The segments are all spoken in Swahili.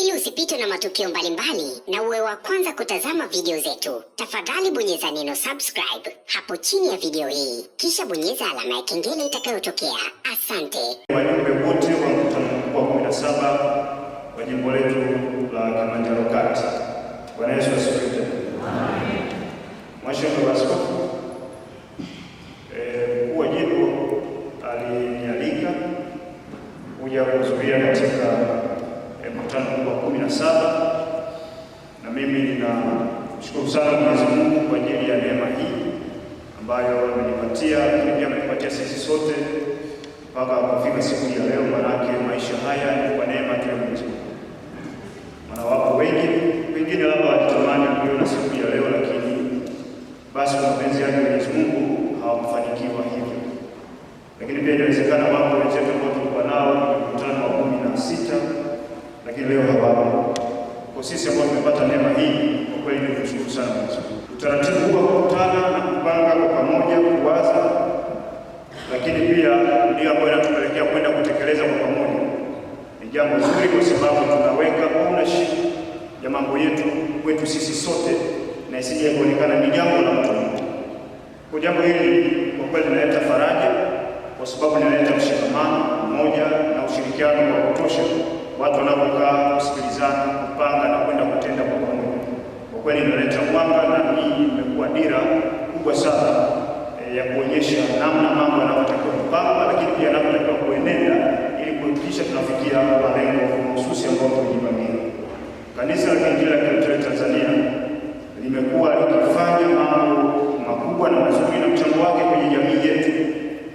Ili usipitwe na matukio mbalimbali mbali, na uwe wa kwanza kutazama video zetu, tafadhali bonyeza neno subscribe hapo chini ya video hii, kisha bonyeza alama ya kengele itakayotokea. Asante. Wajumbe wote wa mkutano mkuu wa 17 wa jimbo letu la Kilimanjaro Kati, Bwana Yesu asifiwe. Amen. Mhashamu Askofu saba na mimi nina ninashukuru sana Mwenyezi Mungu kwa ajili ya neema hii ambayo amenipatia, lakini pia amenipatia sisi sote mpaka kufika siku ya leo. Maanake maisha haya ni kwa neema tu ya Mwenyezi Mungu. Maana wapo wengi wengine labda walitamani kuiona siku ya leo, lakini basi kwa mapenzi yake Mwenyezi Mungu hawakufanikiwa hivyo, lakini pia inawezekana wapo wenzetu ambao tulikuwa nao mkutano wa kumi na sita lakini leo hawapo. Kwa sisi ambao tumepata neema hii, kwa kweli ni kushukuru sana Mungu. Utaratibu huu wa kukutana na kupanga kwa pamoja kuwaza, lakini pia ndio ambayo inatupelekea kwenda kutekeleza kwa pamoja, ni jambo zuri, kwa sababu tunaweka ownership ya mambo yetu kwetu sisi sote, na isije kuonekana ni jambo la mtu mmoja. Kwa jambo hili kwa kweli linaleta faraja, kwa sababu linaleta mshikamano, umoja na ushirikiano wa kutosha, watu wanapokaa kusikilizana kweli inaleta mwanga na hii imekuwa dira kubwa sana e, ya kuonyesha namna mambo yanavyotakiwa kupangwa, lakini pia yanavyotakiwa kuenenda ili kuhakikisha tunafikia malengo mahususi ambayo tumejipangia. Kanisa la Kiinjili la Kilutheri Tanzania limekuwa likifanya mambo makubwa na mazuri, na mchango wake kwenye jamii yetu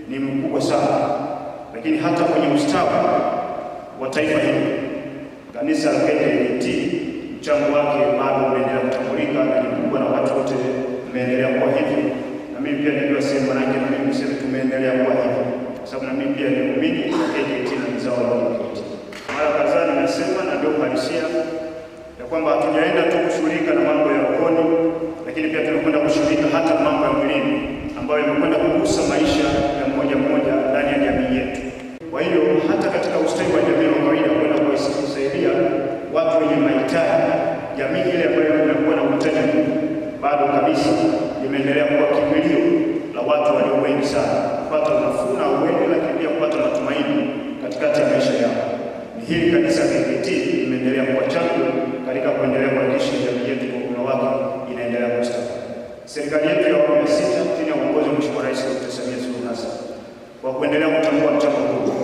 ni mkubwa sana, lakini hata kwenye ustawi wa taifa hili kanisa la KKKT mchango wake bado tumeendelea kuwa hivi, na mimi pia najua sehemu manake, na mimi sisi tumeendelea kuwa hivi, kwa sababu na mimi pia ni muumini AKT na mzao wa AKT. Mara kadhaa nimesema na ndio uhalisia ya kwamba hatujaenda tu kushughulika na mambo ya rohoni, lakini pia tumekwenda kushughulika hata mambo ya mwilini ambayo yamekwenda kugusa maisha ya mmoja mmoja ndani ya jamii yetu. Kwa hiyo hata katika ustawi wa jamii wa kawaida kwenda kuwasaidia watu wenye mahitaji jamii ile bado kabisa limeendelea kuwa kimbilio la watu walio wengi sana kupata unafuu na uweni, lakini pia kupata matumaini katikati ya maisha yao. Ni hili kanisa KKKT limeendelea kuwa chanzo katika kuendelea kuhakikisha jamii yetu kwa ujumla wake inaendelea kustawi. Serikali yetu ya awamu ya sita chini ya uongozi wa Mheshimiwa Rais Dr. Samia Suluhu Hassan kwa kuendelea kutambua mchango huu,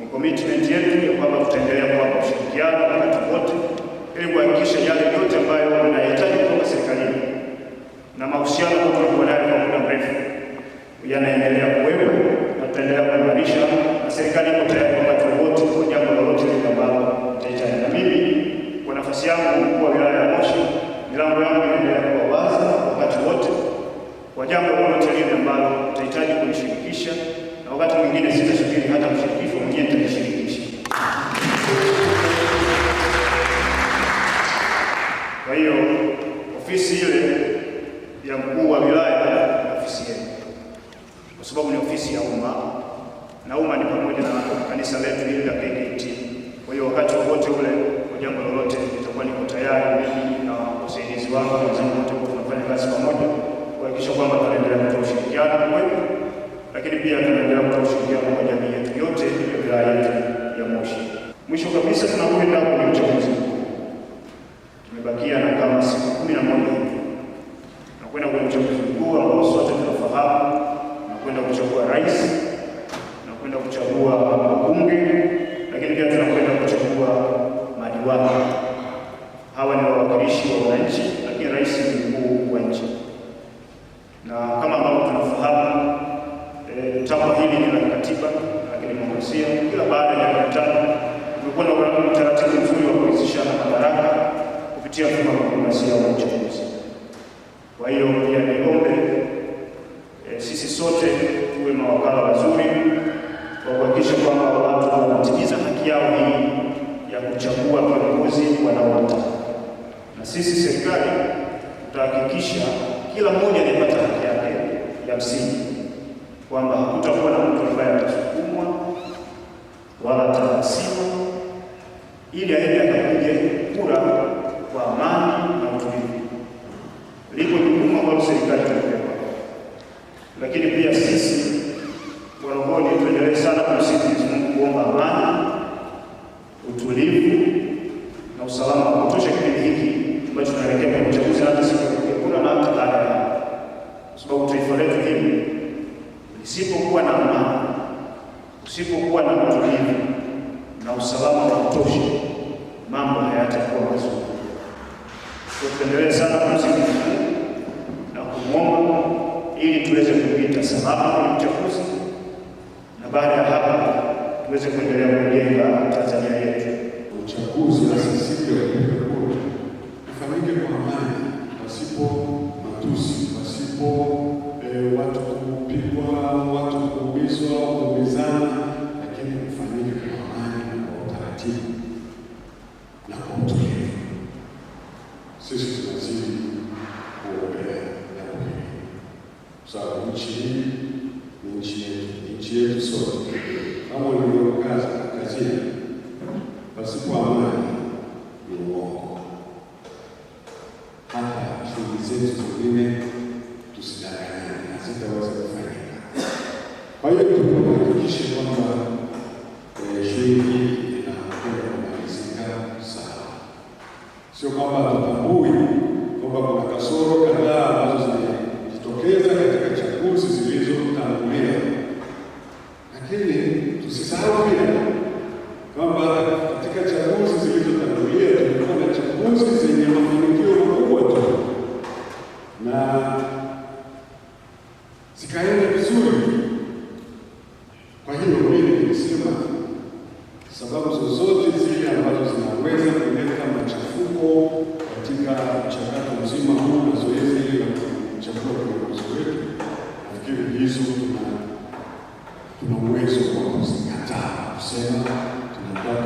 ni commitment yetu ya kwamba tutaendelea nafasi yangu mkuu wa wilaya ya Moshi, milango yangu inaendelea kuwa wazi wakati wote kwa jambo lolote lile ambalo utahitaji kunishirikisha, na wakati mwingine sitashiriki hata kushirikishwa mwingine, nitashiriki. kuhakikisha kwamba tunaendelea kutoa ushirikiano kwetu, lakini pia tunaendelea kutoa ushirikiano kwa jamii yetu yote ya wilaya yetu ya Moshi. Mwisho kabisa, tunakwenda kwenye uchaguzi mkuu. Tumebakia na kama siku kumi na moja hivi tunakwenda kwenye uchaguzi mkuu ambao sote tunafahamu, tunakwenda kuchagua rais, tunakwenda kuchagua wabunge kupitia mfumo wa demokrasia wa Kwa hiyo pia niombe e, sisi sote tuwe mawakala wazuri kwa kuhakikisha kwamba watu wanatimiza haki yao hii ya kuchagua viongozi wanaowataka, na sisi serikali tutahakikisha kila mmoja anayepata haki yake ya msingi, kwamba hakutakuwa na mtu ambaye atasukumwa wala atahasiwa ili aende utulivu na usalama wa kutosha kipindi hiki ambacho tunaelekea kwenye uchaguzi na hata siku ya kura na kwa sababu taifa letu hili lisipokuwa na amani, usipokuwa na utulivu na usalama wa kutosha, mambo hayatakuwa mazuri. sana na kumwomba ili tuweze kupita salama kwenye uchaguzi na baada ya hapa tuweze kuendelea kujenga Tanzania yetu. makini na kwa utulivu. é tunazidi kuombea jambo hili, kwa sababu nchi hii ni nchi yetu, nchi yetu caso, casinha, ulivyokaza kazini basi zozote zile ambazo zinaweza kuleta machafuko katika mchakato mzima huu na zoezi hili la kuchagua viongozi wetu, nafikiri hizo tuna uwezo wa kuzikataa kusema tunataka